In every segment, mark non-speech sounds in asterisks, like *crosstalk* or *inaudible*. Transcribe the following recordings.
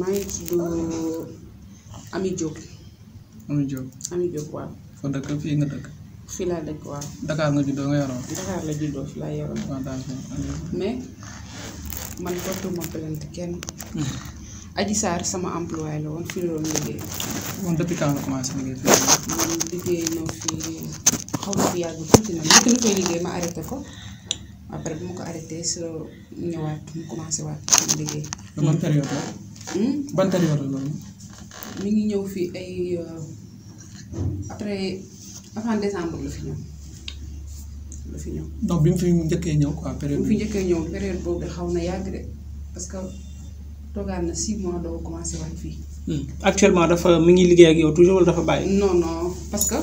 maa ngi tudd Ami Diop. Ami Diop Ami Diop waaw. foo dëkk fii nga dëkk. fii laa dëkk waaw. Dakar nga juddoo nga yaroo. Dakar la juddoo fii laa yaroo. mais man portuma plainte kenn. *laughs* Adji Sarr sama employé la woon fii la doon liggéey. moom depuis nga commencé liggéey fii. man liggéey koy liggéey ma arrêté ko. après bu ma ko arrêté si la ñëwaat mu commencé waat sama liggéey. ban période la. ban tali war loolu mi ngi ñëw fii ay euh, après avant décembre la fi ñëw la fi ñëw. donc bi mu fi njëkkee ñëw quoi période. bi mu njëkkee ñëw période boobu de xaw na yàgg de parce que toogaan na 6 mois doo commencé waat fii. Hmm. actuellement dafa mi ngi liggéey ak yow toujours wala dafa bàyyi. non non parce que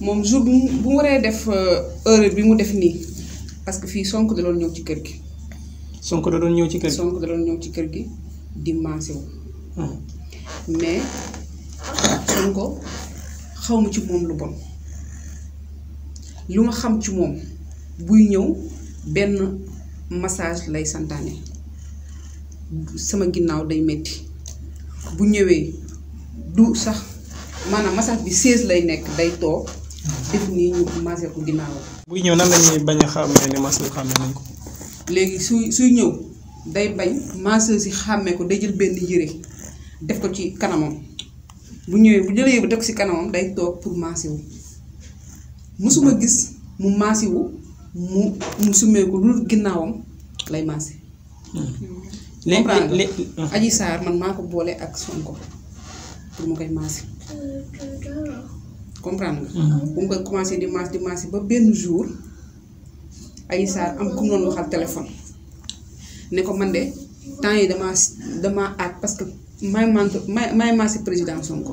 moom jour bu mu waree def euh, heure bi mu def nii parce que fii sonk da doon ñëw ci kër gi. Sonko da doon ñëw ci kër gi Sonko ñëw ci kër gi. dimanche wu hmm. mais Sonko xaw ma ci moom lu bon lu ma xam ci moom buy ñëw benn massage lay santaane sama ginnaaw day metti bu ñëwee du sax maanaam massage bi seize lay nekk day toog def nii ñu massé ko ginnaaw buy ñëw nan lañuy bañ a xàmmee ni massage xàmmee nañ ko léegi suy suy ñëw day bañ masseuse yi xàmmee ko day jël benn yére def ko ci kanamam bu ñëwee bu jëlee ba def ko ci kanamam day toog pour maase wu mësuma gis mu maase wu mu mu sumee ko lu ginnaawam lay maase. Hmm. léegi Adji Sarr man maa ko boole ak ko pour mu koy maase. comprendre nga. Hmm. bu mu koy commencé di maase di maase ba benn jour Adji Sarr am ku mu doon waxal téléphone. ne ko man de temps yi damaa damaa aat parce que may mantu may may maa si président Sonko.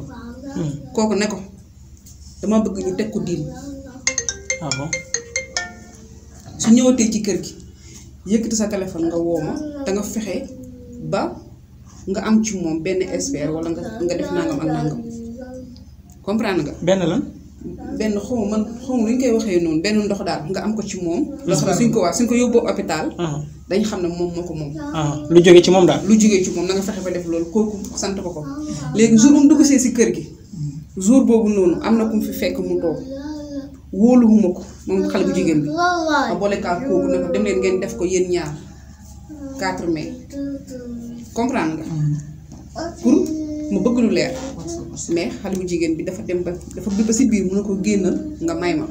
Hmm. kooku ne ko dama bëgg ñu teg ko diin. ah su ñëwatee ci kër gi yëkkati sa téléphone nga woo ma te nga fexe ba nga am ci moom benn expert wala nga def nangam ak nangam comprendre nga. benn lan. benn xaw man xaw ma lu ñu koy waxee noonu benn ndox daal nga am ko ci moom. ndox mi suñ ko waa suñ ko yóbboo hôpital. Ah. dañ xam ne moom moo ko moom. Ah. lu jógee ci moom daal. lu jógee ci moom na nga fexe ba def loolu kooku sant ko ko ah. léegi jour bu mu dugg see si kër gi jour boobu noonu am na ku fi fekk mu toog wóoluwuma ko moom xale bu jigéen bi ma boolekaat kooku ne ko dem leen ngeen def ko yéen ñaar 4 mai comprendre nga. pour. mu bëgg lu leer mais xale bu jigéen bi dafa dem ba dafa bi ba si biir mun na ko génnal nga may ma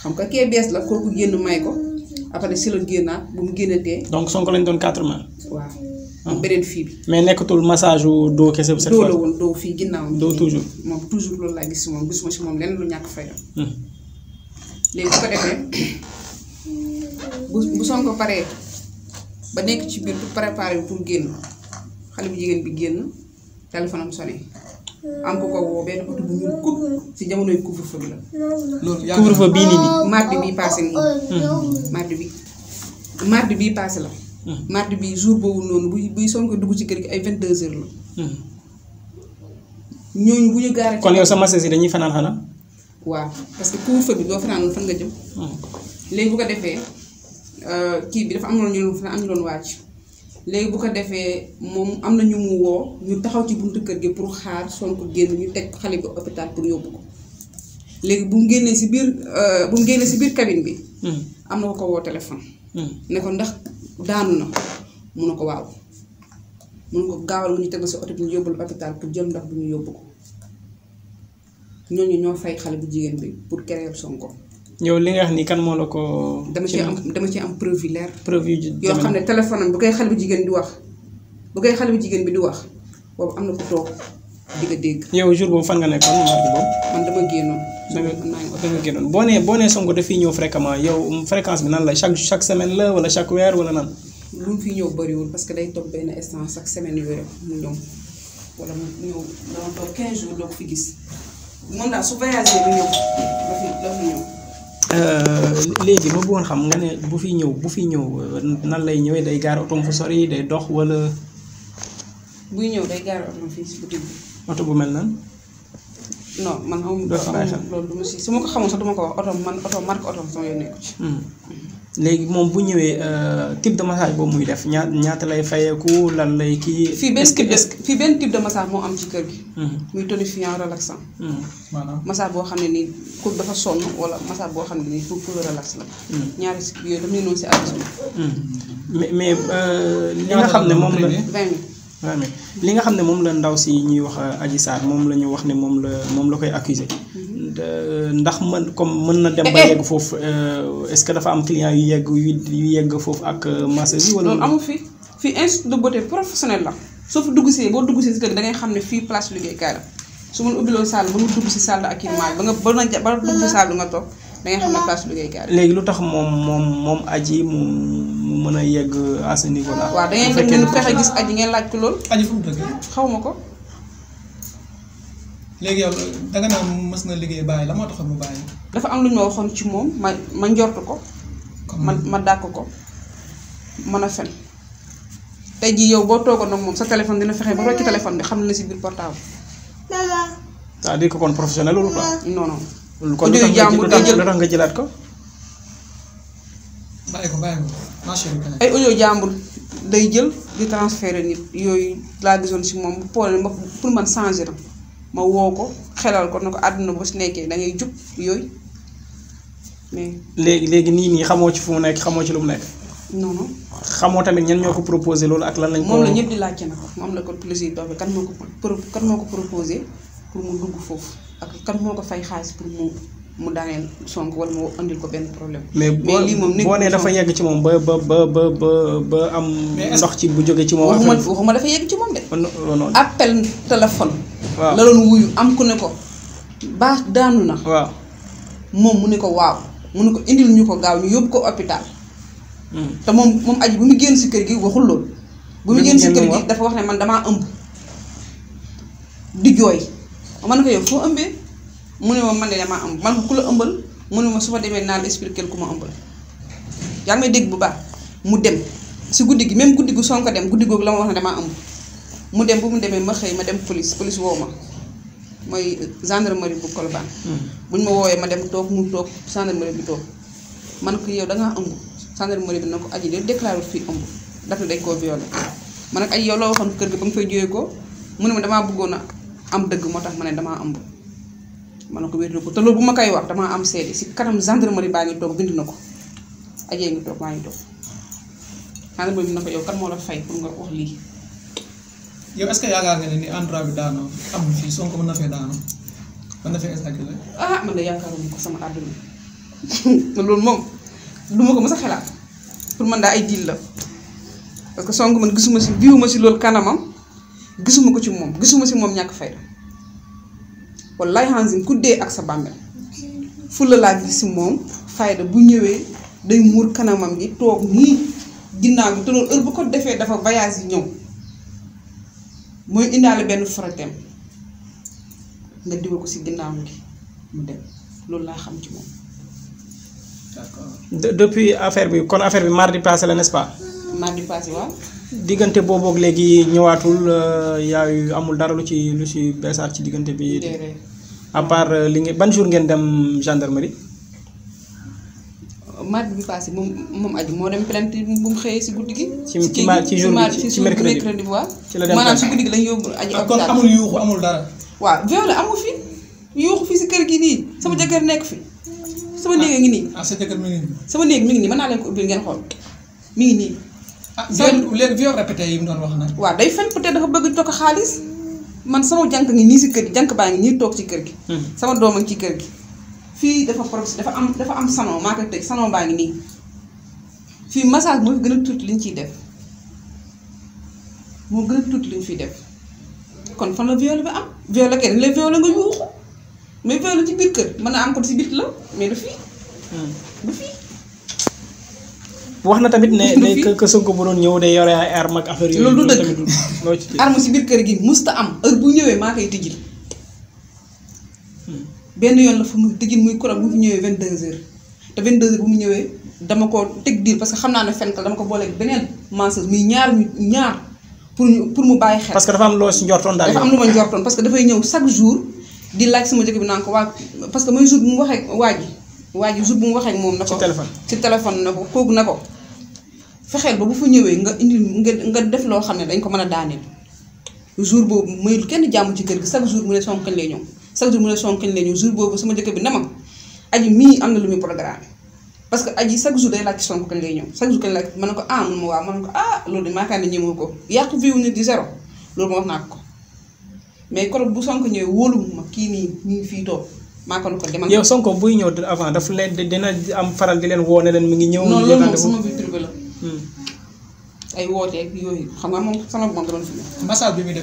xam nga kee bees la kooku génn may ko après si la génnaat bu mu génnatee. donc Sonko lañ doon quatre mois. Ah. fii mais nekkatul massage wu doo kese. woon doo fii ginnaaw. doo toujours moom toujours loolu laa gis si moom si moom lenn lu ñàkk fay def. Hmm. léegi bu ko defee ba nekk ci biir bu préparé pour génn xale bu jigéen bi génn. téléphone am sonné am ko ko woo benn oto bu ñuul kub si jamonoy couvre-feu bi la. loolu yàlla couvre bii nii nii. Ah, mardi bii passé nii. Hmm. mardi bi mardi bii passé la. Hmm. mardi bi jour boobu noonu buy buy Sonko dugg ci kër gi ay 22 heures la. Hmm. ñooñu bu ñu gaaree. kon yow sama sës dañuy fanaan xanaa. waaw parce que couvre-feu bi doo fanaan fan nga jëm. léegi ko defee euh, kii bi dafa am ñu doon am ñu doon wàcc. léegi bu ko defee moom am na ñu mu woo ñu taxaw ci buntu kër gi pour xaar Sonko génn ñu teg xale bi hôpital pour yóbbu ko léegi bu mu génnee si biir euh, bu mu génnee si biir cabine bi. Hmm. am na ko ko woo téléphone. Hmm. ne ko ndax daanu na mun na ko waaw mun ko gaawal mu ñu teg si oto bi ñu yóbbul hôpital pour jël ndax bu ñu yóbbu ko ñooñu ñoo fay xale bu jigéen bi pour kereel Sonko. yow li nga wax ni kan moo la ko. dama ci am dama ci am preuve yu leer. preuve yu xam ne téléphone am bu koy xale bu jigéen di wax bu koy xale bu jigéen bi di wax boobu am na ku toog di nga dégg. yow jour boobu fan nga nekkoon mardi boobu. man dama génnoon. dama dama génnoon boo nee boo nee Sonko dafiy ñëw fréquemment yow fréquence bi nan la chaque chaque semaine la wala chaque weer wala nan. lu mu fi ñëw bëriwul parce que day toog benn instant chaque semaine yooyu mu ñëw wala mu ñëw dama fi gis moom daal su voyagé Euh, léegi ma bëggoon xam nga ne bu fi ñëw bu fi ñëw euh, nan lay ñëwee day gaar otoom fu sori day dox wala. buy ñëw day gaar otoom fii si boutique bi. oto bu mel nan. non man xamuma loolu du si su ma ko xamul sax du ko wax otoom man otoom marque otoom sama yoon nekku ci. Hmm. Hmm. léegi moom bu ñëwee euh, type de massage boobu muy def ñaata ñaata lay fayeeku lan lay kii. fii benn type de fii benn type de massage moo am ci kër gi. Mhm. muy tonifiant relaxant. maanaam massage boo xam ne nii ku dafa sonn wala massage boo xam ne nii pour pour le relax la. Mhm. ñaari si yooyu dafa ñu noonu si àdduna. Mhm. mais mais euh, li nga xam ne moom la. li nga xam ne moom la ndaw si ñuy wax euh, aji Sarr moom la ñu wax ne moom la moom la koy accuser ndax mën comme mën na dem ba *laughs* yegg foofu euh, est-ce que dafa am client yu yegg yu yegg foofu ak euh, marché bi wala loolu amul fii fii institut de beauté professionnel la soo fi dugg si boo dugg si si kër da ngay xam ne fii place liggéeykaay la su ma ubbiloon salle ba mu dugg si salle ak climat ba nga ba nga ba dugg si salle nga toog da ngay xam ne place liggéeykaay la. léegi lu tax moom moom moom aji mu mu mën a yegg à ce niveau là. waaw da ngeen fexe gis aji ngeen laaj lool. aji fu xaw ma ko. léegi yow danga naan na liggéey bàyyi la moo taxoon mu bàyyi. dafa am lu ñu ma waxoon ci moom ma ma njort ko. ma ma dàq ko mën a fen. tey jii yow boo toogoon ak moom sa téléphone dina fexe ba rocci téléphone bi xam na si biir portable. c'est-à-dire que kon professionnel loolu quoi. non non. loolu kon nga jëlaat ko. ko bàyyi ko ay audio day jël di transférer nit yooyu laa gisoon si moom bu poolee ba pour man changer na. ma woo ko xelal ko ne ko àdduna bu si nekkee da ngay jub yooyu mais. léegi léegi nii nii xamoo ci fu mu nekk xamoo ci lu mu nekk. non non. xamoo tamit ñan ñoo ko proposé loolu ak lan lañ. ko moom la ñëpp di laajte nag moom la ko plaisir dox bi kan moo ko pro kan moo ko proposé pour mu dugg foofu ak kan moo ko fay xaalis pour mu. mu daaneel sonk wala mu andil ko benn problème. mais lii moom nit boo nee dafa yegg ci moom ba ba ba ba ba am. ndox ci bu jóge ci moom. waxuma waxuma dafa yegg ci moom de. appel téléphone. waaw la doon wuyu am ku ne ko baax daanu na. moom mu ne ko waaw mu ne ko indil ñu ko gaaw ñu yóbbu ko hôpital. Hmm. te moom moom aji bu mu génn si kër gi waxul loolu. bu mu génn si kër gi dafa wax ne man damaa ëmb. di jooy ma ne ko yow foo ëmbee mu ne ma man de damaa ëmb man ko ku la ëmbal mu ne ma su ma demee naa la expliquer ku ma ëmbal. yaa ngi may dégg bu baax mu dem si guddi gi même guddi gu Sonko dem guddi googu la ma wax ne damaa ëmb. mu dem bu mu demee ma xëy ma dem police police woo ma mooy gendarmerie bu Colobane. Hmm. buñ ma woowee ma dem toog mu toog gendarmerie bi toog man ko yow da ngaa ëmb gendarmerie bi na ko aji de déclaré fii ëmb dafa dañ koo violé man ay yow kër gi ba nga ko mu ne ma damaa bëggoon a am dëgg moo tax ma ne damaa ëmb. ma ne ko wér na ko te bu ma koy wax damaa am seede si kanam gendarmerie baa ngi toog bind na ko ajee ngi toog maa ngi toog gendarmerie bi na ko yow kan moo la fay pour nga wax lii. yow est-ce que yaakaar nga ne ni endroit bi daanoo amul fii Sonko mën na fee daanoo mën na fee exagéré ah man de yaakaaruma ko sama àdduna *laughs* man loolu moom du ma ko mës a xelaat pour man daa ay diil la parce que Sonko man gisuma si viwuma si loolu kanamam gisuma ko ci moom gisuma si moom ñàkk fayda wallaay hansim ku dee ak sa bàmmeel fulla laa gis si moom fayda bu ñëwee day muur kanamam yi toog nii ginnaaw bi te loolu heure bu ko defee dafa voyage yi ñëw mooy indaale benn forotem nga diwal ko si ginnaaw gi mu dem loolu laa xam ci moom. d'accord depuis affaire bi kon affaire bi mardi passé la n'est-ce pas. mardi passé waaw. diggante boobu léegi ñëwaatul euh, yaayu amul dara lu ci lu ci beesaat ci diggante bi. à euh, li ngeen ban jour ngeen dem gendarmerie. mardi bi passé moom moom aju moo dem plainte bu mu xëyee si guddi gi. ci ci ci jour bi ci mercredi ci la dem maanaam si guddi gi lañ yóbbu aju. Ah, amul yuuxu amul dara. waa viol amul fi yuuxu fi si kër gi nii sama jëkkër nekk fi sama néeg a ngi nii. Ah, ah sa jëkkër mi ngi nii. sama néeg mi ngi nii mën naa leen ko ubbil ngeen xool mi ngi nii. ah léegi yi mu doon wax nag. waaw day fen peut dafa bëgg tokk xaalis man sama jànk ngi nii si kër gi jànk baa ngi nii toog ci kër gi. Hmm. sama doom ci kër gi fii dafa prof dafa am dafa am salon maa koy tëj salon baa ngi nii fii massage moo fi gën a tuuti liñ ciy def moo gën a tuuti liñ fiy def kon fan la viol bi am viol kenn la viol nga yuuxu mais viol ci biir kër mën naa am kon si bit la mais du fii hmm. du wax na tamit ne ne que Sonko bu doon ñëw de yore ay arme ak affaire si biir kër gi musta am heure bu ñëwee maa koy tijjil. benn yoon la fu mu tëjin muy kuram bu mu fi ñëwee 22h te 22h bu mu ñëwee dama ko teg diir parce que xam naa ne fenn dama ko booleeg beneen mensonge muy ñaar ñu ñaar pour ñu pour mu bàyyi xel. parce que dafa am loo si njortoon daal dafa am lu ma njortoon parce que dafay ñëw chaque jour di laaj sama jëkkër bi ko waa parce que mooy jour bu mu waxee waa ji waa ji jour bu mu waxee moom. na ko ci téléphone ci téléphone na ko kooku na ko. fexeel ba bu fa ñëwee nga indi nga nga def loo xam ne dañ ko mën a daaneel jour boobu mayul kenn jàmm ci kër gi chaque jour mu ne sama kañ lay chaque jour mu ne sonkañ la ñu jour boobu sama jëkkër bi na ma aji mii am na lu muy programme parce que aji chaque jour day laaj sonk kañ lay ñëw chaque jour kañ laaj ko ah mun ma waaw mën na ko ah loolu de maakaar ko yàqu di zéro loolu ma naa ko mais korob bu sonk ñëwee wóolu kii nii ñu fii toog maa ko ko demal yow sonko buy ñëw avant daf leen dina am faral di leen woone leen mi ngi ñëw non loolu moom sama vie privée la hmm. ay wootee yooyu xam nga moom sama moom dama fi message bi muy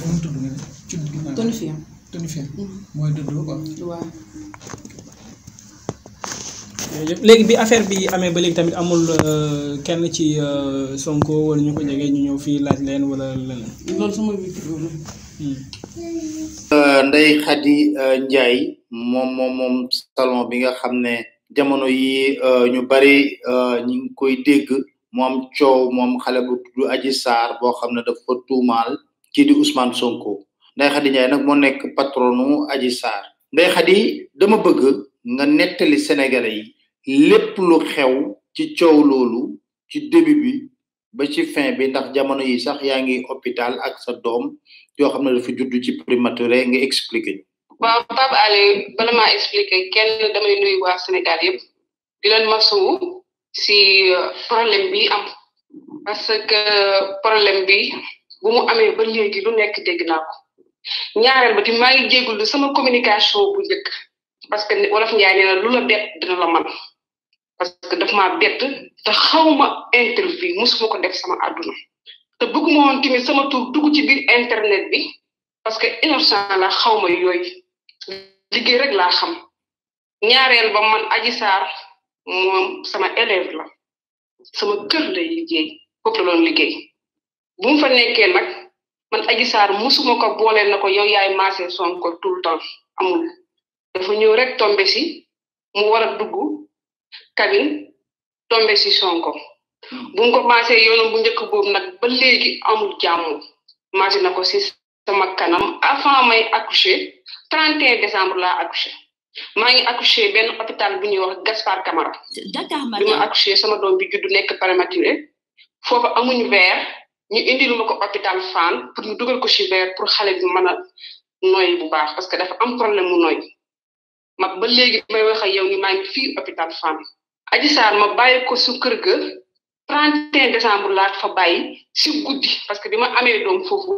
def tonifiant. Mm-hmm. mooy dëddoo léegi bi affaire bi amee ba léegi tamit amul euh, kenn ci euh, Sonko wala ñu ko jege ñu ñëw fii laaj leen wala leneen. loolu sama micro la. Hmm. Euh, Ndeye Khady Ndiaye moom bi nga xam ne jamono yi ñu bari ñi ngi koy dégg moom coow moom xale bu tudd Adji Sarr boo xam ne dafa tuumaal kii di Ousmane Sonko. Ndeye Khady Ndiaye nag moo nekk patronu aji Sarr Ndeye Khady dama bëgg nga nettali Sénégalais yi lépp lu xew ci coow loolu ci début bi ba ci fin bi ndax jamono yi sax yaa ngi hôpital ak sa doom yoo xam ne dafa juddu ci prématuré nga expliqué ñu waaw Pape Alé bala maa expliqué kenn damay nuyu waa Sénégal yëpp di leen masuwu si euh, problème bi am parce que euh, problème bi bu amee ba léegi lu nekk dégg naa ko ñaareel ba tamit maa ngi sama communication bu njëkk parce que wolof Njaay nee na lu la bett dina la man parce que daf maa bett te ma interview musuma ko def sama àdduna te bëgguma woon tamit sama tur dugg ci biir internet bi parce que innocent xaw ma yooyu liggéey rek laa xam ñaareel ba man Adji Sarr moom sama élève la sama kër lay liggéey foofu la doon liggéey bu mu fa nekkee nag. man Adji Sarr musuma ko booleel na ko yow yaay maase Sonko tout le temps amul dafa ñëw rek tombe si mu war a dugg cabine tombe si Sonko bu ko maase yoonu bu njëkk boobu nag ba léegi amul jàmm maase na ko si sama kanam avant may accoucher 31 décembre laa accoucher maa ngi accouché benn hôpital bu ñuy wax Gaspard Camara bi ma accouché sama doom bi juddu nekk prématuré foofu amuñu verre ñu indil ma ko hôpital Fann pour ñu dugal ko chivert pour xale bi mën a noyyi bu baax parce que dafa am problème mu noyyi ma ba léegi may wax ak yow ni maa ngi fii hôpital Fann aji saar ma bàyyi ko su kër ga 31 décembre laat fa bàyyi si guddi parce que bi ma amee doom foofu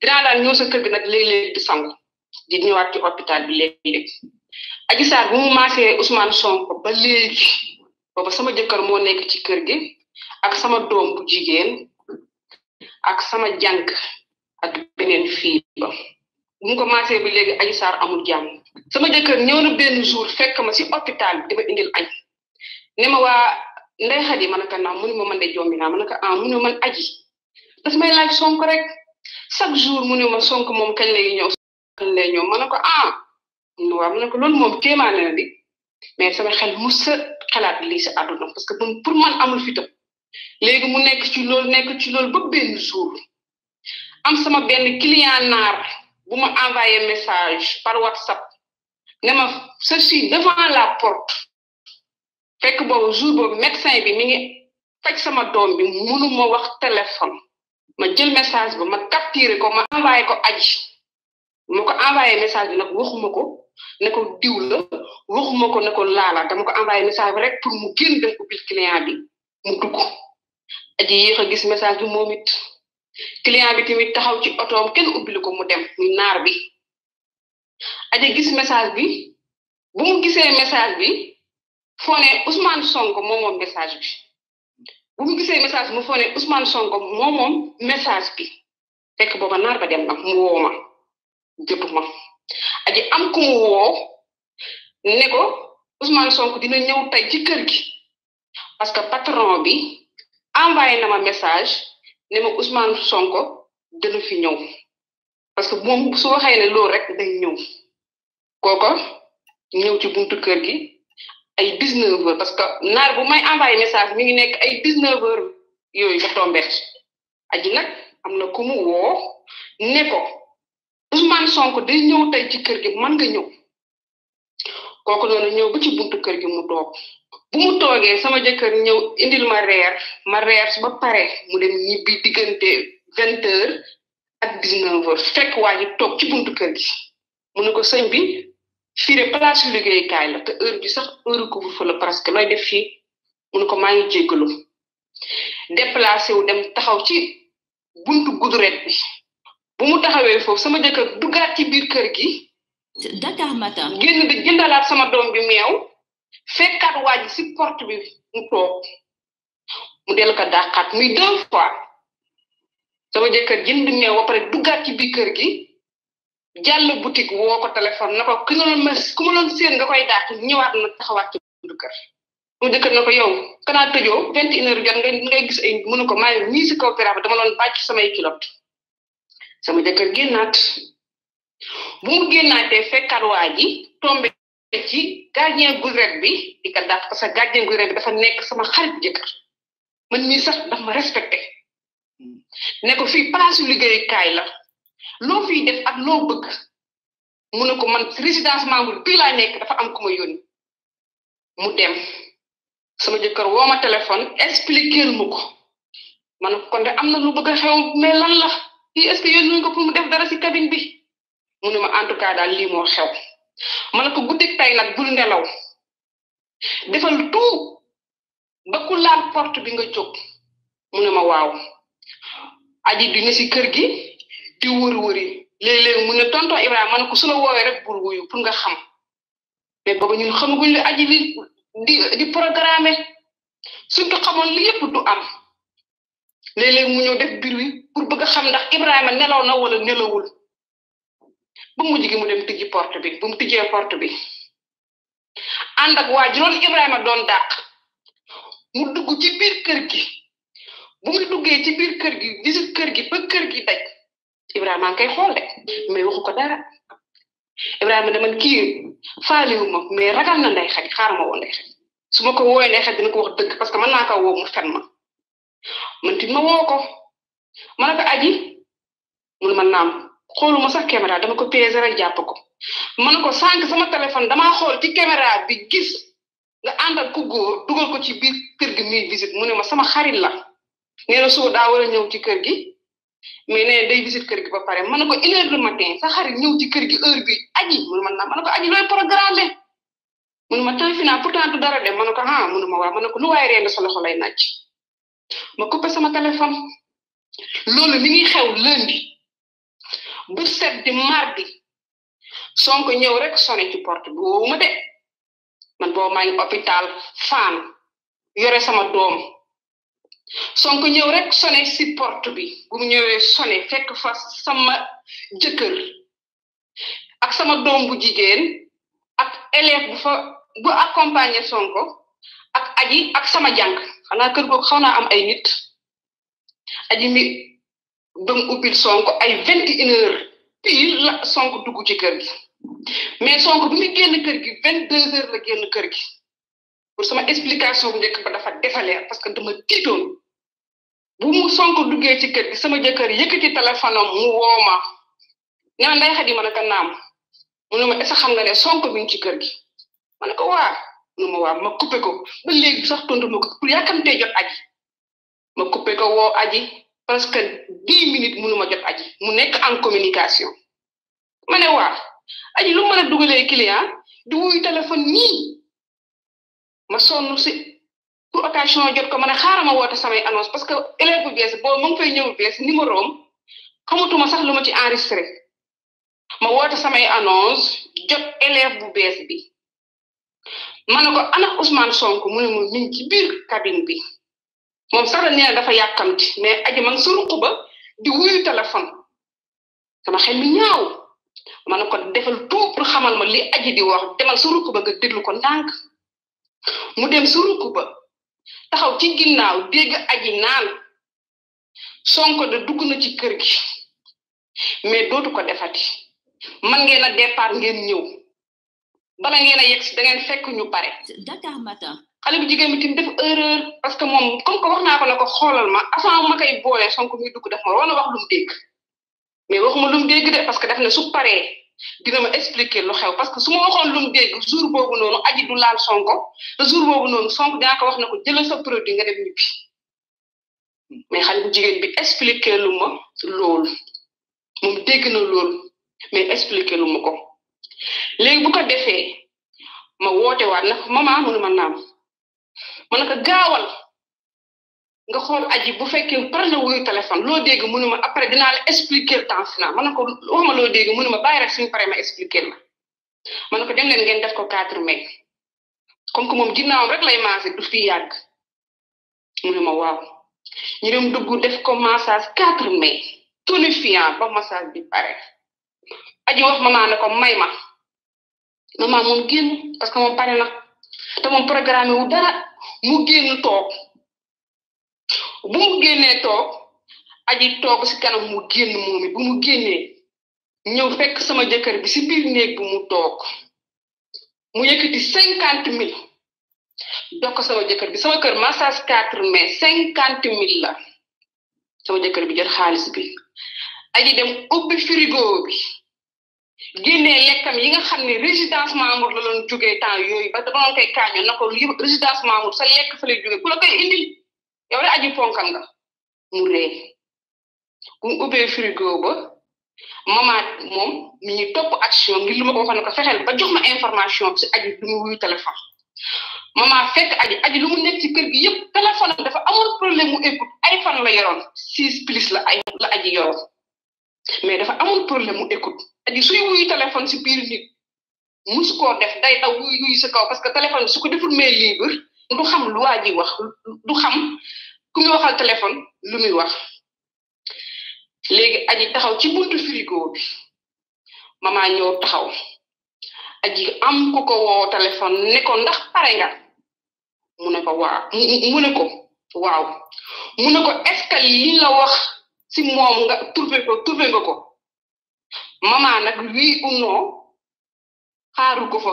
dinaa daan ñëw sa kër ga nag léeg-léeg di sangu di ñëwaat ci hôpital bi léeg-léeg Adji Sarr bu mu maasee Ousmane Sonko ba léegi booba sama jëkkër moo nekk ci kër gi ak sama doom bu jigéen ak sama jàng ak beneen fii ba bu mu commencé bi léegi aji saar amul jàmm sama jëkkër ñëw na benn jour fekk ma si hôpital bi dama indil añ ne ma waa ndey xadi ma ne ko ma man de jombi naa ma ne ko ah munu man aji daf may laaj sonk rek chaque jour munu ma sonk moom kañ lay ñëw kañ lay ñëw ma ne ko ah munu waa ma ko loolu moom kéemaane na di mais sama xel mu sa xalaat lii si àdduna parce que pour man amul fitam léegi mu nekk ci loolu nekk ci lool ba benn jour am sama benn client naar bu ma envoyé message par whatsapp ne ma je suis devant la porte fekk boobu jour boobu médecin bi mi ngi faj sama doom bi mënu ma wax téléphone ma jël message ba ma capturé ko ma envoyé ko aji ma ko envoyé message bi nag waxuma ko nekko ko diw la waxuma ko ne ko laala dama ko envoyé message bi rek pour mu génn dem ubbil client bi mu dugg aji yéex a gis message bi moom client bi tamit taxaw ci otoom kenn ubbilu ko mu dem muy naar bi aji gis message bi bu mu gisee message bi foone Ousmane Sonko moom moom message bi bu Sonko moom moom message bi booba naar ba dem na mu woo ma jëpp am ku woo ne ko Ousmane dina ñëw tey ci kër gi parce que patron bi envoyé na ma message ne ma Ousmane Sonko dina fi ñëw parce que moom su waxee ne loolu rek day ñëw kooko ñëw ci buntu kër gi ay 19 parce que naar bu may envoyé message mi ngi nekk ay 19 heures yooyu nga tombeet aji nag am na ku mu woo ne Sonko day ñëw tey ci kër gi mën nga ñëw kooku noonu ñëw ci buntu kër gi mu toog bu mu toogee sama jëkkër ñëw indil ma reer ma reer ba pare mu dem ñibbi diggante vingt ak dix neuf heures fekk waa ji toog ci buntu kër gi mu ne ko sëñ bi fii de place su liggéeykaay la te heure bi sax heure couvre looy def fii mu ne ko maa ngi jéggalu déplacé wu dem taxaw ci buntu guduret bi bu mu taxawee foofu sama jëkkër duggaat ci biir kër gi. Dakar matin génn di jëndalaat sama doom bi meew. fekkaat waa ji si porte bi mu toog mu del ko dàqaat muy deux fois sama jëkkër jënd meew ba pare duggaat ci biir kër gi jàll boutique woo ko téléphone na ko ku nga doon ku ma doon séen nga koy dàq ñëwaat na taxawaat ci ko yow kanaa tëjoo vingt et une ko maay ñii si kaw piraab dama doon bàcc samay kilot sama jëkkër génnaat bu mu génnaatee fekkaat waa ji ci gardien gouverneur bi di ko dàq parce que gardien bi dafa nekk sama xarit jëkkër man mii sax dafa ma respecté ne ko fii place kay la loo fii def ak loo bëgg mu ne ko man résidence membre bii nekk dafa am ku ma yónni mu dem sama jëkkër woo ma téléphone expliquer mu ko ma ne kon de am na lu bëgg a xew mais lan la fii est-ce que yónni ko mu def dara si cabine bi mu ne ma en tout cas daal lii moo xew. ma ne ko guddik tay nag bul nelaw defal tout ba kou laal porte bi nga jóg mu ne ma waaw aji dina si kër gi ti wër wëri léeg-léeg mu ne tonton Ibrahima ma ne ko su woowee rek pour wuyu pour nga xam mais booba ñun xamaguñ li aji di di di programme surtout xamoon li yëpp du am léeg-léeg mu ñëw def pour bëgg xam ndax Ibrahima nelaw na wala nelawul bu mujj gi mu dem tijji porte bi bu mu tijjee porte bi ànd ak waa juróon Ibrahima doon dàq mu dugg ci biir kër gi bu mu ci biir kër gi visite kër gi ba kër gi daj Ibrahima ngi xool de mais waxu ko dara Ibrahima dama kii faaliwu ma mais ragal na nday xaj xaar ma nday xaj su ma ko wooyee nday xaj dina ko wax dëgg parce que mën naa ko woo mu fen ma man ti ma woo ko ma ne ko aji naam xooluma sax caméra dama ko piégé rek jàpp ko ma ko sànq sama téléphone dama xool ci kamera bi gis nga ànd ku góor dugal ko ci biir kër gi mi visite mu ne ma sama xarit la nee na daa war a ñëw ci kër gi mais nee day visite kër gi ba pare ma ne ko une heure du matin sa xarit ñëw ci kër gi heure bi aji mu ma naa ma ne ko aji looy programme mu ne ma temps final pourtant du dara dem ma ne ko ah mu ma waa ma ne ko lu loxo lay nàcc ma sama téléphone loolu mi ngi xew lundi. bu sedd mardi Sonko ñëw rek sone ci porte bi man boobu maa hôpital Fann yore sama doom Sonko ñëw rek sone si bi bu mu ñëwee sone fekk fa sama jëkkër ak sama doom bu jigéen ak élève bu fa accompagné Sonko ak aji ak sama jàng xanaa kër googu xaw naa am ay nit aji mi ba mu ubbil Sonko ay vingt et une heures pile la Sonko dugg ci kër gi mais Sonko bu muy génn kër gi vingt deux heures la génn kër gi pour sama explication bu njëkk ba dafa defalee parce que dama tiitoon bu mu Sonko duggee ci kër gi sama jëkkër yëkkati ci am mu woo ma naan Ndeye ma ne ko naam mu ne ma xam nga ne Sonko mi ci kër gi ma ne ko waa mu ne ma waa ma ko ba léegi sax tontu ma ko pour yàkkamtee jot aji ma coupé ko aji. parce que dix minutes mënuma jot aji mu nekk en communication ma ne aji lu mën a dugalee client di téléphone nii ma sonn si pour occasion jot ko ma ne xaaral ma woote samay annonce parce que élève bu bees boobu ma ngi fay ñëw bees numéro am sax lu ma ci enregistré ma woote samay annonce jot élève bu bees bi ma ne ko ana Ousmane Sonko mu ne mu ngi bi moom sax nee na dafa yàkkamti mais aji man ngi sa ba di wuyu téléphone sama xel mi ñaaw ma ko defal tout xamal ma li aji di wax demal sa ruq ba nga déglu ko ndànk mu dem sa ruq ba taxaw ci ginnaaw dégg aji naan sonko de dugg na ci kër gi mais dootu ko defati man ngeen a départ ngeen ñëw bala ngeen a yegg si da ngeen fekk ñu pare. Dakar matin. xale bu jigéen bi tamit def erreur parce que moom comme que wax naa ko ne ko xoolal ma avant ma koy boole Sonko muy dugg def ma a wax lu mu dégg mais waxuma lu mu dégg de parce que daf na su paree dina ma expliquer lu xew parce que su ma waxoon lu mu dégg jour boobu noonu aji du laal Sonko te jour boobu noonu Sonko daa ko wax na ko jëlal sa produit nga dem ñibbi mais xale bu jigéen bi expliquer lu ma loolu moom dégg na loolu mais expliquer lu ma ko. léegi bu ko defee ma woote waat nag maman ma naam ma ne ko gaawal nga xool aji bu fekkee parle wuyu téléphone loo dégg mënu ma après dinaa la expliquer temps si naa ma loo dégg mënu ma bàyyi rek suñu paree ma expliquer la ma ko dem leen ngeen def ko 4 mai comme que moom ginnaawam rek lay maase du fi yàgg waaw ñu dem dugg def ko massage 4 mai tonifiant ba massage bi pare aji wax maman ne ko may ma. maman moom génn parce que moom pare na te moom programmé wu dara mu génn toog bu mu génnee toog aji toog si kanam mu génn moom bu mu génnee ñëw fekk sama jëkkër bi si biir néeg mu toog mu yëkkati cinquante mille jox ko sama jëkkër bi sama kër massage quatre mai cinquante mille la sama jëkkër bi jël xaalis bi aji dem ubbi frigo bi génnee lekkam yi nga xam ne résidence Mamour la doon jugee temps yooyu ba dama doon koy kaañu na ko résidence Mamour sa lekk fa lay jugee ku la koy la aji ponkam nga mu ree bu mu ubbee frigo ba mamaat moom mi ñu topp action ngir lu ma ko waxoon ne ko ba jox information bi si aji bi fekk aji kër gi yëpp téléphone am dafa amul problème mu écoute iPhone la yoroon six plus la ay la aji yoroon mais dafa amul problème mu écoute aji suy wuyu téléphone si biir nit musu koo def day daw wuy wuyu sa kaw parce que téléphone su ko deful mais libre du xam lu waa ji wax du xam ku muy téléphone lu muy wax léegi aji taxaw ci buntu frigo mama ñëw taxaw aji am ku ko woo téléphone ne ndax pare nga mu ne ko waaw mu ne ko la wax si moom nga trouvé ko trouvé ko maman nag oui ou non xaaru ko fa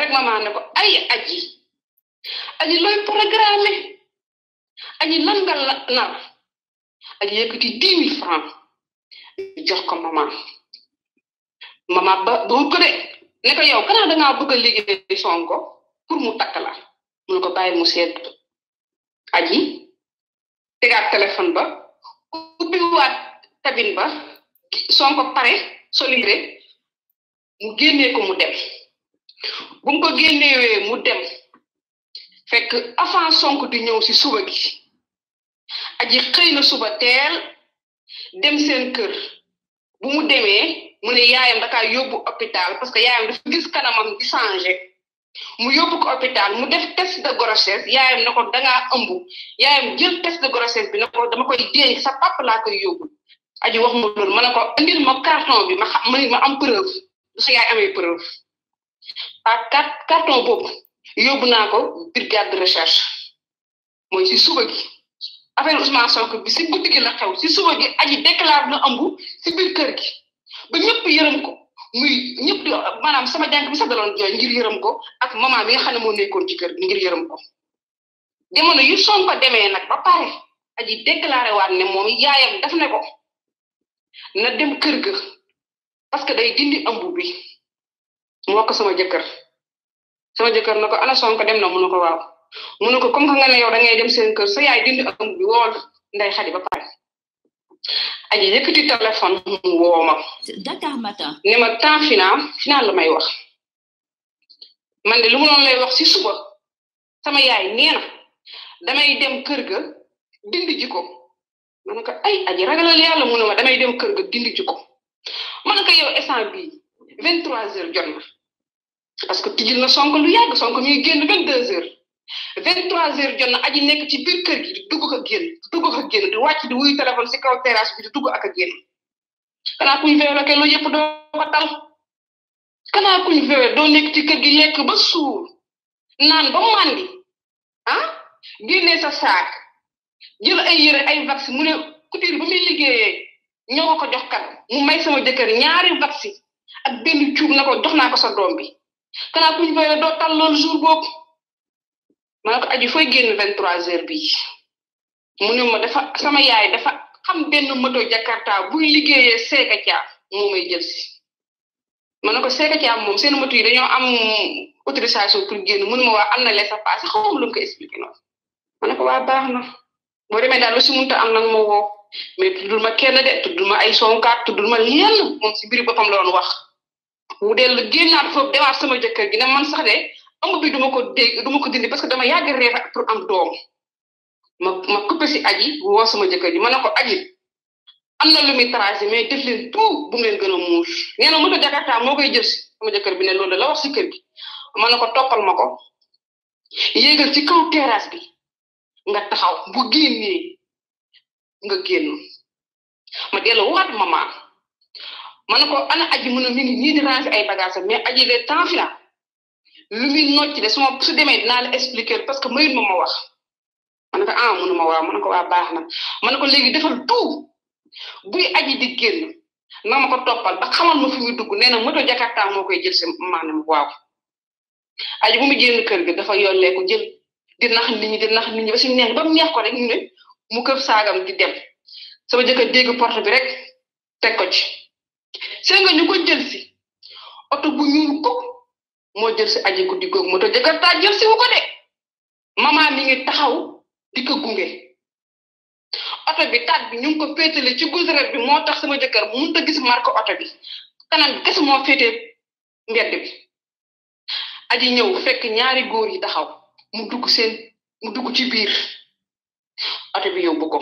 rek maman ne ko ay aji aji looy programme aji lan nga aji yëkkati dix mille francs jox ko maman maman ba du ko de ne ko yow kanaa dangaa a liggéey sonko pour mu takk la mun ko bàyyi mu seet aji tegaat téléphone ba ubbiwaat tabin ba Sonko pare solire mu génnee ko mu dem bu ko génnewee mu dem fekk avant sonk di ñëw ci suba gi aji xëy na suba teel dem seen kër bu mu demee mu ne yaayam dakaa yóbbu hôpital parce que yaayam dafa gis kanamam di changé mu yóbbu ko hôpital mu def test de grossesse yaayam na ko dangaa ëmb yaayam jël test de grossesse bi na ko dama koy dénk sa papa laa koy yóbbu aji wax ma loolu ma ne ko indil ma carton bi ma xam am preuve su yaay amee preuve ah carton boobu yóbbu naa ko brigade de recherche mooy si suba gi affaire Ousmane Sonko bi si guddi gi la xew si suba gi aji déclare na ëmb si biir kër gi ba ñëpp yërëm ko muy ñëpp di sama jànk bi sax daloon jooy ngir yërëm ko ak maman bi nga xam ne moo ci kër gi ngir yërëm ko jamono yu Sonko demee nag ba pare aji déclaré waat ne moom yaayam daf ne ko. na dem kër ga parce que day dindi ëmb bi mu wax ko sama jëkkër sama jëkkër na ko ana Sonko dem na mu ne ko waaw mu ne ko comme que nga ne yow da ngay dem seen kër sa yaay dindi ëmb bi wool nday xadi ba pare aji yëkkati téléphone mu woo ne ma temps final final la may wax man de lu mu lay wax si suba sama yaay nee damay dem kër ga dindi ji ko ma ne ko ay aji ragalal yàlla mu ne ma damay dem kër ga di ji ko ma ne ko yow instant bii vingt trois heures jot na parce que tijjil na Sonko lu yàgg Sonko ñuy génn vingt deux heures vingt trois heures jot na aji nekk ci biir kër gi di dugg ko génn di dugg génn di wàcc di wuyu téléphone si kaw terrasse bi di dugg ak a génn kanaa kuñ vewe kay loolu yëpp doo ko tal kanaa kuñ vewe doo nekk ci kër gi lekk ba suur naan ba màndi ah génnee sa saak jël ay yëre ay vax mu ne couture bu muy liggéeyee ñoo ko ko jox kan mu may sama jëkkër ñaari vax ak benn cuub na ko jox naa ko sa doom bi kanaa kuñ fay la doo tal lool jour boobu ma ne ko aju fooy génn vingt trois heures bi mu ne ma dafa sama yaay dafa xam benn moto jakarta buy liggéeyee seeka caab moo may jël si ma ne ko seeka caab moom seen moto yi dañoo am autorisation pour génn mënuma waa am na lees a passé xawma lu ko expliqué noonu ma waa baax na boo demee daal lu si mënta am nag moo woo mais tuddul ma kenn de tuddul ma ay sonkaat tuddul ma lenn moom si mbiri boppam la doon wax mu dellu génnaat foofu demaat sama jëkkër gi ne man sax de ëmb bi duma ko dégg duma ko dindi parce que dama yàgg reer pour am doom ma ma coupé si aji woo sama jëkkër ji ma ne ko aji am na lu muy tracé mais def leen tout bu mu leen gën a muus nee na moto jakarta moo koy jël si sama jëkkër bi ne loolu la wax si kër gi ma ne ko toppal ma ko nga taxaw bu génnee nga génn ma delloo waxaat mama ma ne ko ana aji mu ne mi ngi nii di ay bagages mais aji de temps fi la lu muy nocc de suma su demee dinaa la expliquer parce que mayut ma ma wax ma ko ah mu ma waaw ma ko waa baax na ma ne ko léegi defal tout buy aji di génn na ma ko toppal ba xamal ma fi muy dugg nee na moto jakarta moo koy jël si maanaam waaw aji bu mu génn kër gi dafa yolleeku jël. di nax nit ñi di nax nit ñi ba suñu neex ba mu neex ko rek ñu mu këf saagam di dem sama jëkkër dégg porte bi rek teg ko ci seen nga ñu ko jël si bu ñuul ko moo jël si aji guddi googu moto jëkkër taa jël mi ngi taxaw di ko gunge oto bi taat bi ñu ko féetale ci goudron bi moo tax sama jëkkër mënut a gis marque oto bi kanam bi kes moo féetee mbedd bi aji ñëw fekk ñaari góor yi taxaw. mu dugg seen mu dugg ci biir oto bi yóbbu ko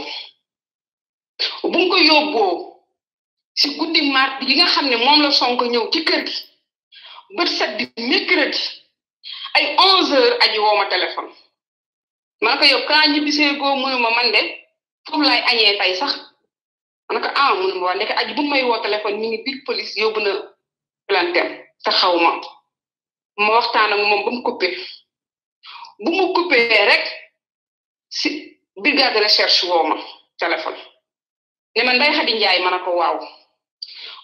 bu mu ko yóbboo si guddi mardi yi nga xam ne moom la sonk ñëw ci kër gi bët set di mercredi ay onze heures aji woo ma téléphone man ko yow kaa ñibbisee goo mënuma man de foofu laay añee tey sax man ko ah mënuma waa nekk aji bu may woo téléphone mi ngi biir police yóbbu na plantem te xaw ma ma waxtaan ak moom ba bu mu coupé rek si brigade de recherche woo ma téléphone ne man Ndeye Khady Ndiaye ma ko waaw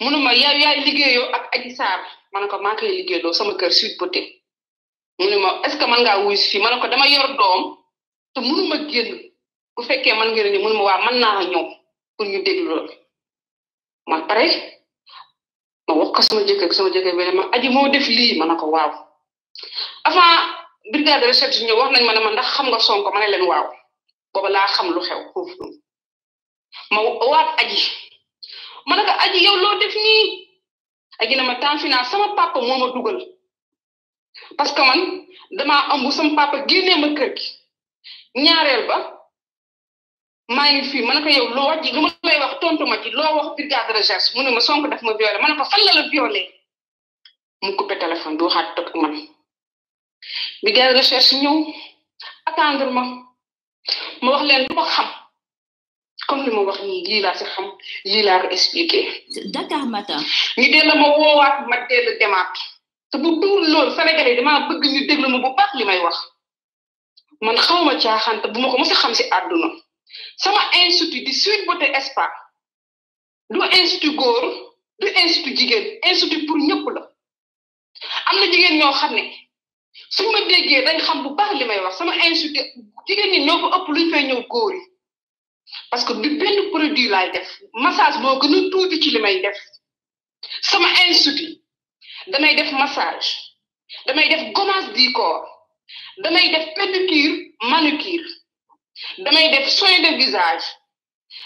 munuma yaay yaay liggéeyoo ak Adji Sarr ma ne ko maa koy liggéeyloo sama kër Sweet Beauté munuma est-ce que man ngaa wuyu fii ko dama yor doom te munuma génn bu fekkee man ngeen ni mën naa ñëw pour ñu déglu man pare ma wax ko sama jëkkër sama jëkkër bi ne ma Adji moo def lii ma ne ko waaw avant. brigade de recherche wax nañ ma ne ma ndax xam nga Sonko ma leen waaw booba laa xam lu xew foofu ma waat aji ma aji yow loo def nii aji na ma temps finance sama papa moo ma dugal parce que man damaa ëmb sama papa génnee ma kër gi ñaareel ba maa ngi fii ma loo wax ji lu ma lay wax tontu ma ci loo wax brigade de mu ne ma sonk daf ma violé ma ne ko fan mu coupé téléphone du waxaat toog man. Miguel recherche ñëw attendre ma ma wax leen lu ma xam comme li ma wax nii lii laa si xam lii laa expliqué. Dakar Matin. ma woowaat ma dell demaat te bu tuur loolu Sénégal yi ma bu baax li may wax man xawma caaxaan te bu ma ko xam si àdduna sama institut di Sweet Beauté Spa du institut góor du institut jigéen institut pour ñëpp la am na jigéen ñoo xam ne. suñ ma déggee dañ xam bu baax li may wax sama insulté jigéen ñi ñoo ko ëpp luñ fay ñëw góor parce que du benn produit laay def massage moo gën a tuuti ci li may def sama insulté damay def massage damay def gommage du corps damay def pédicure manucure damay def soin de visage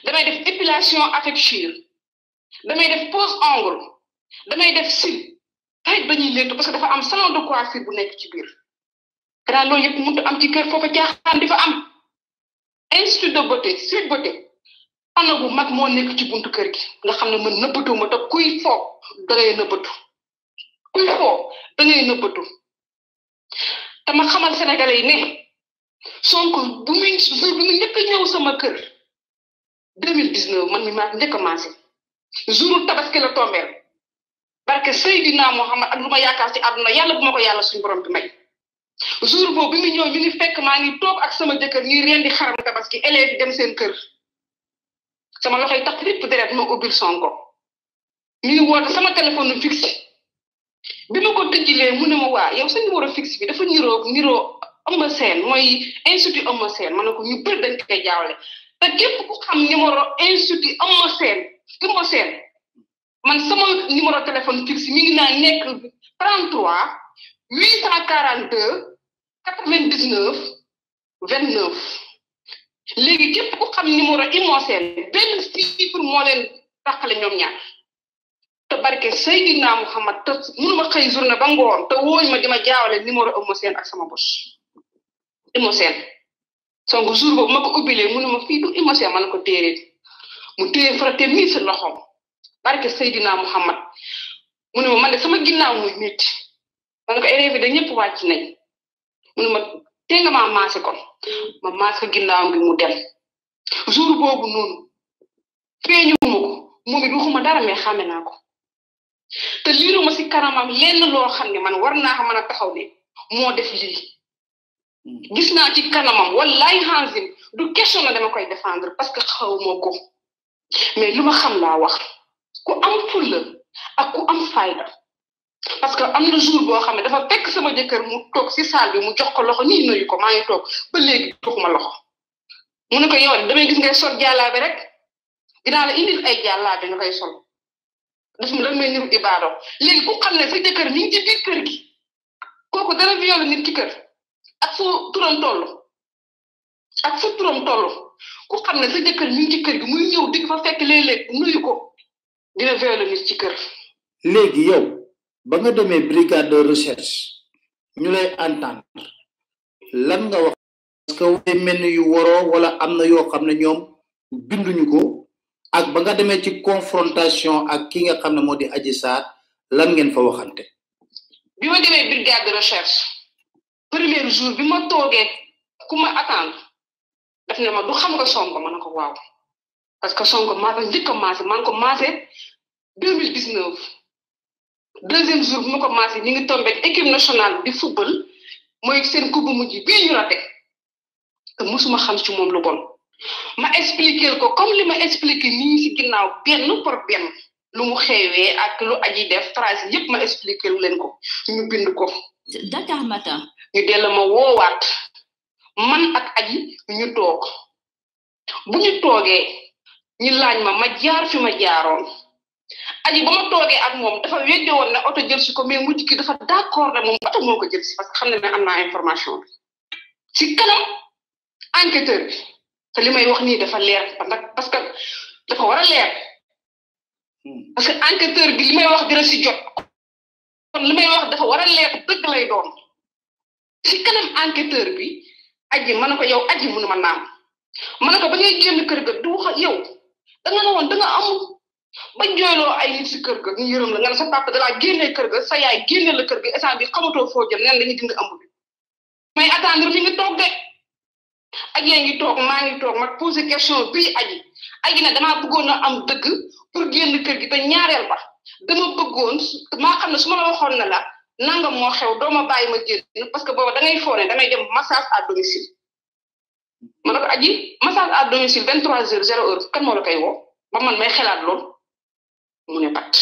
damay def épilation avec cire damay def pose ongle damay def cils kayit ba ñuy léttu parce que dafa am salon de coiffure bu nekk ci biir dara loolu yëpp mënut am ci kër foofa caaxaan dafa am institut de beauté suite beauté ana bu mag moo nekk ci buntu kër gi nga xam ne man nëbbatu ma te kuy foo da ngay nëbbatu kuy foo da ngay nëbbatu te ma xamal sénégalais yi ne Sonko bu muy bu muy njëkk a ñëw sama kër 2019 man parce que Seydina Mohamed ak lu ma yaakaar ci na yàlla bu ma ko yàlla suñu borom bi may jour boobu bi mu ñëw ñu ni fekk maa ngi toog ak sama jëkkër ñuy rendi xaram tabaski élèves yi dem seen kër sama loxo yi tax lépp deret ma ubbil Sonko ñu ngi sama téléphone fixe bi ma ko tëjjilee mu ne ma bi dafa niroo niroo Eumeu seen mooy institut Eumeu Sène ma ne ko ñu bëri dañ koy jaawale te képp ku xam numéro institut Eumeu Sène Eumeu Sène man sama numéro téléphone fixe mi ngi naa nekk 33 842 99 29 léegi képp ku xam numéro Imo Sène benn chiffre moo leen tàqale ñoom ñaar te barke Seydina Muhammad te mënuma xëy journée ba ngoon te wóoñ ma dima jaawale numéro Imo Sène ak sama bos Imo Sène donc jour boobu ma ko ubbilee mënuma fii du Imo Sène ma ne ko déedéet mu téye farate mii si loxoom barke Seydina Muhammad mu ne ma man sama ginnaaw muy nit ma ne ko élèves yi ma tee kon ma maas ko ginnaawam bi mu dem jour boobu noonu feeñu ma ko moom it waxuma dara mais xàmme naa ko te si kanamam lenn loo xam ne man war naa ko mën a taxaw ne moo def lii naa ci kanamam wallaay hanzim du question la dama koy défendre parce que xaw ma ko mais xam laa wax ku am fulla ak ku am fayda parce que am na jour boo xam ne dafa fekk sama jëkkër mu toog si salle bi mu jox ko loxo nii nuyu ko maa ngi toog ba léegi joxuma loxo mu ne ko yow damay gis ngay rek dinaa ay jàllaabe nga koy sol daf mu daf ku xam ne sa jëkkër mi ngi ci biir kër kooku dara viole nit ci kër ak fu turam toll ak fu turam toll ku xam ne sa jëkkër mi ngi gi muy ñëw di fa fekk léeg-léeg nuyu ko dina violoniste ci kër. léegi yow ba nga demee brigade de recherche ñu lay entendre lan nga wax parce que way yu waroo wala am na yoo xam ne ñoom binduñu ko ak ba nga demee ci confrontation ak ki nga xam ne moo di aji Sarr lan ngeen fa waxante. bi ma demee brigade de recherche premier jour bi ma toogee ku ma attendre daf ne du xam nga Sonko ma ne ko waaw parce que Sonko maa ko njëkk deux mille dix neuf deuxième jour bu ma commencé ngi tombé équipe nationale di football mooy seen coupe bu mujj bii ñu raté te xam ci moom lu bon ma expliquer ko comme li ma expliquer nii si ginnaaw benn par benn lu mu xeewee ak lu aji def phrase yëpp ma expliquer leen ko ñu bind ko. Dakar Matin. ñu dell ma woowaat man ak aji ñu toog bu ñu toogee ñu laaj ma ma jaar fi ma jaaroon. aji ba ma toogee ak moom dafa weddi woon ne oto jël si ko mais mujj ki dafa d'accord ne moom oto moo ko jël si parce que xam na ne am naa information te li may wax nii dafa leer parce que dafa war a leer parce que enquêteur bi li may wax si jot kon li may wax dafa war a leer dëgg lay bi aji ma ko yow aji mënu ma naam ma ba ngay génn kër ga du wax yow da nga ne woon da nga ba jooyloo ay si kër ga ñu la nga ne sa papa dalaa génnee kër ga sa yaay génne la kër ga instant bi xamatoo foo jëm neen dañuy dindi amul bi mais attendre fi nga toog de ak yaa ngi toog maa ngi toog ma posé question bii aji aji bëggoon a am dëgg pour génn kër gi te ñaareel ba dama bëggoon maa xam ne su ma la waxoon ne la nangam moo xew doo ma ma génn parce que booba dangay ngay foone damay dem massage à domicile ma ne ko aji massage à domicile vingt trois heures zéro heure kan moo la koy woo ba man may xelaat mu ne pat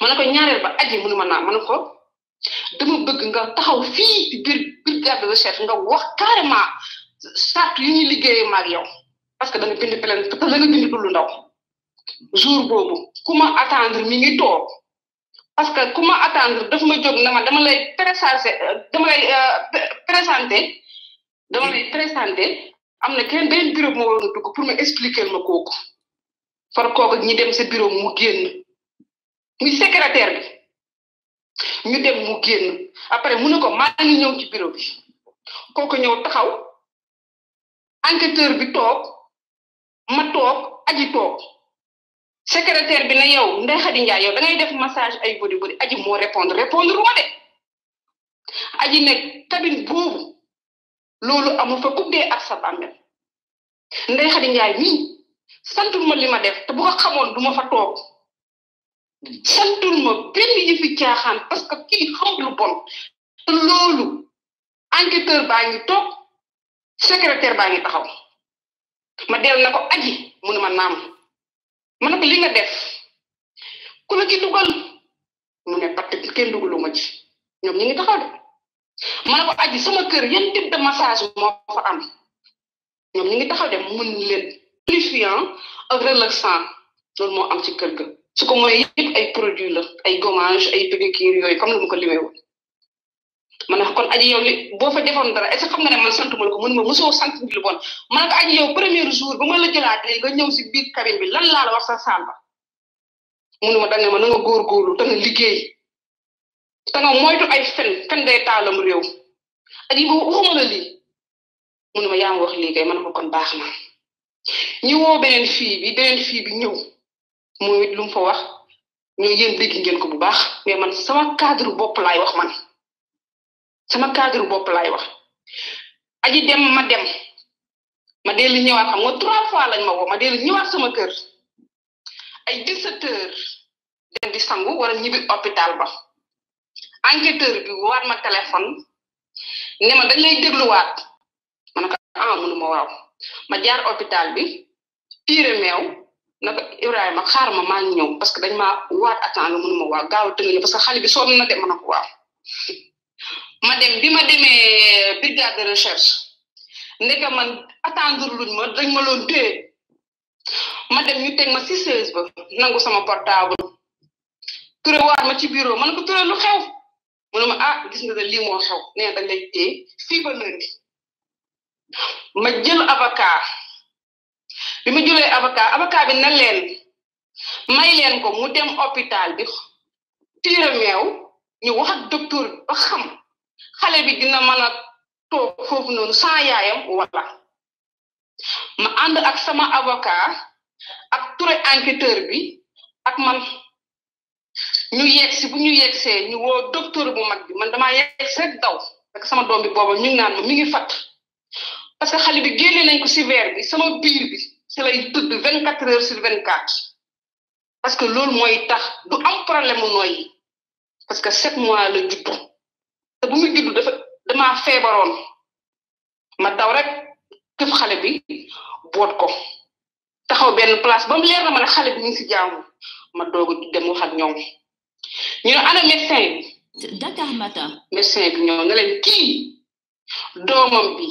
ma ne ko ñaareel ba aji mu ne ma naa ma ne ko dama bëgg nga taxaw fii ci biir brigade de recherche nga wax carrément sart yu ñuy liggéey ma ak yow parce que da nga bind plainte te da nga ndaw jour boobu ku ma mi ngi toog parce que ku ma attendre daf ma jóg na ma dama lay présenter dama lay euh, présenter dama lay présenter am na kenn benn bureau bu ma dugg pour ma expliquer ma kooku. far koog ak ñi dem sa bureau mu génn muy secrétaire bi ñu dem mu génn après mu ne ko maa ngi ñëw ci bureau bi kooku ñëw taxaw enquêteur bi toog ma toog aji toog secrétaire bi na yow Ndeye Khady Ndiaye yow da ngay def massage ay body body aji moo répondre répondre ma de aji nekk cabine boobu loolu amul fa ku dee ak sa bàmmeel Ndeye santul ma li ma def te bu xamoon du fa toog santul ma benn yëfi caaxaan parce que kii xam lu bon te loolu enquêteur baa ngi toog secrétaire baa ngi taxaw ma del na ko aji mu ne ma naam ma ne ko li def ku la ci dugal mu ne patt dugalu ma ci ñoom ñu ngi taxaw de ma ko aji sama kër yan type de massage moo fa am ñoom ñu ngi taxaw de mun leen lubrifiant a relaxant loolu moo am ci kër ga su ko mooy yëpp ay produit la ay gommage ay pédicure yooyu comme ni ma ko limee woon ma kon aji yow li boo fa defoon dara est-ce que ne man sant ma la ko mun ma mosoo sant bi lu bon ma ne aji yow premier jour ba ma la jëlaatee nga ñëw si biir cabine bi lan laa la wax sa saal ba munuma da nga ma na nga góorgóorlu te nga liggéey te nga moytu ay fen fen day taalam réew aji boobu waxuma la lii munuma yaa wax lii kay ma baax na. ñu woo beneen fii bi beneen fii bi ñëw mooy lu fa wax ñu yéen dégg ngeen ko bu baax mais man sama cadre bopp laay wax man sama cadre bopp laay wax aji dem ma dem ma dellu ñëwaat xam nga trois fois lañ ma woo ma dellu ñëwaat sama kër ay 17 heures dem di sangu wala ñibbi hôpital ba enquêteur bi waat ma téléphone ne ma dañ lay dégluwaat ma ne ko ah mënuma waaw ma jaar hôpital bi piire meew naka Ibrahima xaar ma maa ngi ñëw parce que dañ ma waat attend la mënuma waaw gaaw a tënk parce que xale bi sonn na de ma ma dem bi ma demee euh, brigade de ma dañ ma dem ñu teg ma si seize ba nangu sama portable Touré ma ci bureau ma ne ko Touré xew mënuma ah gis ne lii moo xew nee dañ lay fii ba lundi ma jël avocat bi ma jëlee avocat avocat bi na leen may leen ko mu dem hôpital bi tiire meew ñu wax ak bi ba xam xale bi dina mën a toog foofu noonu sans yaayam wala ma ànd ak sama avocat ak ture enquêteur bi ak man ñu yegsi bu ñu yegsee ñu woo docteur bu mag bi man damaa yegsi rek daw ak sama doom bi booba ñu ngi naan mi ngi fatt parce que xale bi génne nañ ko si weer bi sama biir bi si lay tëdd vingt quatre heures sur vingt quatre parce que loolu mooy tax du am problème mu nooyi parce que sept mois la juddu te bu muy juddu dafa damaa feebaroon ma daw rek këf xale bi boot ko taxaw benn place ba mu leer na ma ne xale bi ñu ngi si jaamu ma doog a dem wax ak ñoom ñu ne ana médecin bi. Dakar Matin. médecin bi ñëw ne leen kii doomam bi.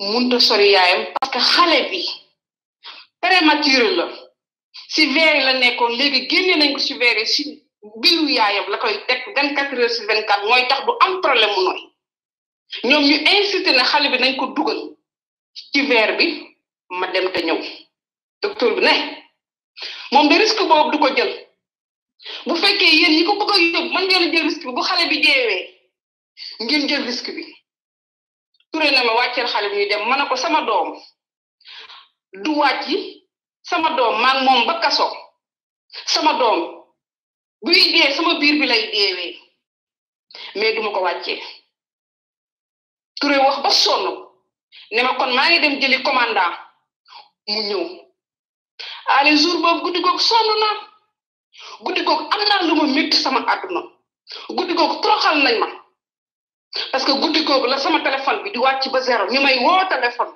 mun a sori yaayam parce que xale bi prématuré la si veille la nekkoon léegi génne nañ ko si veille si biiru yaayam la koy teg vingt quatre heures sur vingt quatre mooy tax du am problème mu nooy ñoom ñu insisté ne xale bi nañ ko dugal ci veille bi ma dem te ñëw docteur bi ne moom de risque boobu du ko jël bu fekkee yéen ñi ko bëgg a yóbbu a jël risque bi bu xale bi jeewee ngeen jël risque bi. Touré na ma wàcceel xale bi dem ma ne ko sama doom du wàcc sama doom maa ngi ba kaso sama doom buy dee sama biir bi lay deewee mais duma ko wàccee Touré wax ba sonn ne kon maa ngi dem jëli commandant mu ñëw à jour boobu guddi googu sonn naa guddi googu am naa lu ma métti sama àdduna guddi googu nañ ma parce que guddi googu la sama téléphone bi di wàcc ba zéro ñu may woo téléphone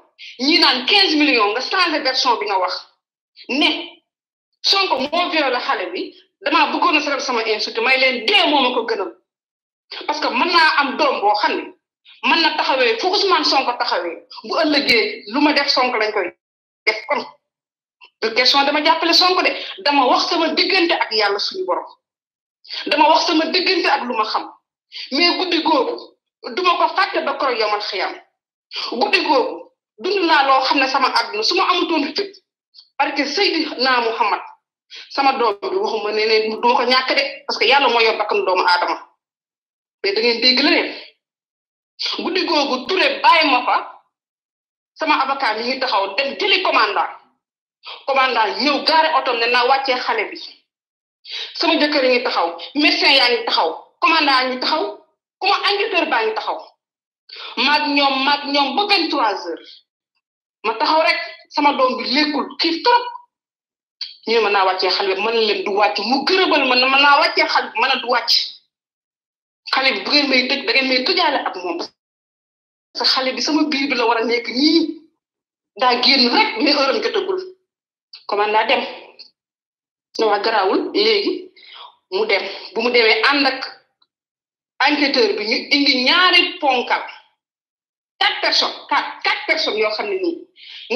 ñi naan quinze millions nga changé version bi nga wax ne Sonko moo violé xale bi damaa bëggoon a sama institut may leen dee moo ma ko gënal parce que mën naa am doom boo xam ne mën na taxawee fu Ousmane Sonko taxawee bu ëllëgee lu ma def Sonko lañ koy def kon du question dama jàppale Sonko de dama wax sama diggante ak yàlla suñu borom dama wax sama diggante ak lu ma xam mais duma ko fàtte ba koro yomal xiyam guddi googu dund naa loo xam ne sama àdduna su ma amutoon fit parce que Seydina Muhammad sama doom bi waxuma ne ne duma ko ñàkk de parce que yàlla moo yor bakkan doom aadama mais da ngeen dégg leneen guddi googu Touré bàyyi ma fa sama avocat mi ngi taxaw dem jëli commandant commandant ñëw gaare otom ne naa wàccee xale bi sama jëkkër yi taxaw médecin yaa ngi taxaw commandant ngi taxaw kuma enquêteur baa ngi taxaw maag ñoom maag ñoom ba vingt trois heures ma taxaw rek sama doom bi lekkul xiif trop ñu ne ma naa wàccee xale bi mën na leen du wàcc mu gërëbal ma ma naa wàccee xale bi mën du wàcc xale bi bu ngeen may tëj da ngeen may tëjaale ak moom parce que xale bi sama biir bi la war a nekk daa génn rek mais heure am jotagul comment daa dem ne waa garaawul léegi mu dem bu mu demee ànd ak enquêteur bi ñu indi ñaari ponkal quatre personnes quatre quatre yoo xam ne nii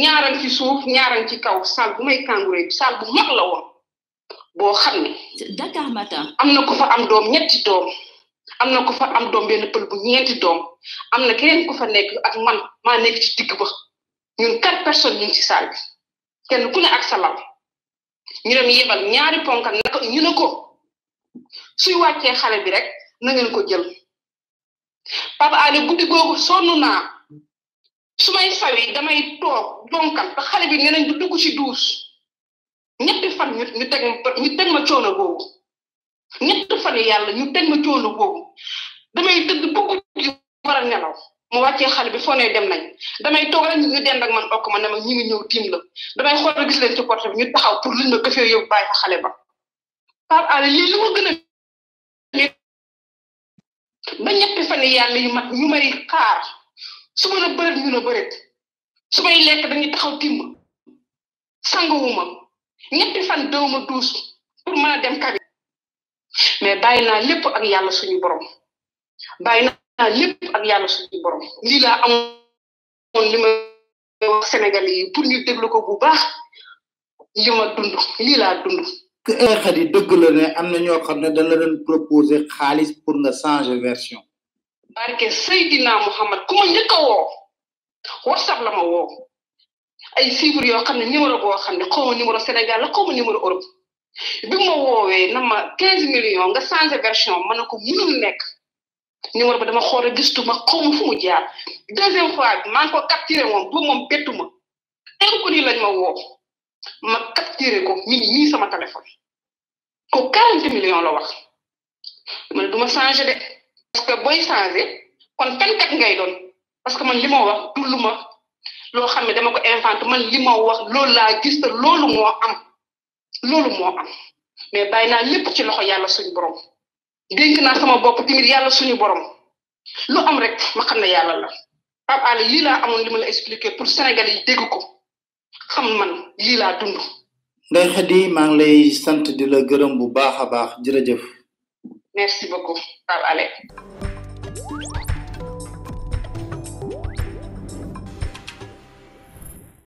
ñaaran ci suuf ñaaran ci kaw salle bu may kangouré bi bu mag la woon boo xam ne. Dakar am na ku fa am doom ñetti doom am na ko fa am doom benn pël bu ñeenti doom am na keneen ku fa nekk ak man maa nekk ci digg ba ñun quatre personnes ñu ngi ci salle bi kenn ku ne ak sa lal ñu yebal ñaari ponkal naka ñu ne ko suy wàccee xale bi rek. na ngeen ko jël Pape Alé guddi googu sonn naa su may sawi damay toog donkal ba xale bi nee nañ du dugg ci duus ñetti fan ñu ñu teg ñu teg ma coono googu ñetti fan yàlla ñu teg ma coono googu damay tëdd bu guddi war a nelaw mu wàccee xale bi foo nee dem nañ damay toog rek ñu dend ak man okk ma ne ma ñu ngi ñëw tiim la damay xool gis leen ci porte bi ñu taxaw pour luñ ma këfee yóbbu bàyyi fa xale ba Pape Alé lii li ma gën a ba ñetti fan yàlla yu mat ñu may xaar su ma la bëreet ñu la bëreet su may lekk dañuy taxaw timb sangawuma ñetti fan dawuma duus pour mën dem kabi mais bàyyi na lépp ak yàlla suñu borom bàyyi naa lépp ak yàlla suñu borom lii laa amoon li yi pour ñu déglu ko bu baax li dund lii laa dund que xeet yi dëgg la ne am na ñoo xam ne dañ la doon xaalis pour nga changer version. barke Seydina Mouhamad ku ma njëkk a woo WhatsApp ma woo ay chiffres yoo xam ne numéro boo xam ne xaw ma numéro Sénégal la xaw ma numéro Europe bi ma woowee na ma 15 millions nga changer version ma ne ko mënul nekk numéro ba dama xool a gistu ma xaw ma fu mu jaar deuxième fois bi maa ngi ko capturé moom ba moom bettu ma lañ ma woo. ma capturé ko mi nii sama téléphone ko quarante millions la wax man du ma changé de parce que booy changé kon fenkat ngay doon parce que man li wax du lu ma loo xam ne dama ko inventé man li ma wax loolu laa gis te loolu moo am loolu moo am mais bàyyi naa lépp ci loxo yàlla suñu borom dénk naa sama bopp tamit yàlla suñu borom loo am rek ma xam ne yàlla la Pape Alé lii laa amoon li ma la expliqué pour Sénégal yi dégg ko xam man lii laa dund. Ndeye Khady maa ngi lay sant di la gërëm bu baax a baax jërëjëf. merci beaucoup Pape Alé.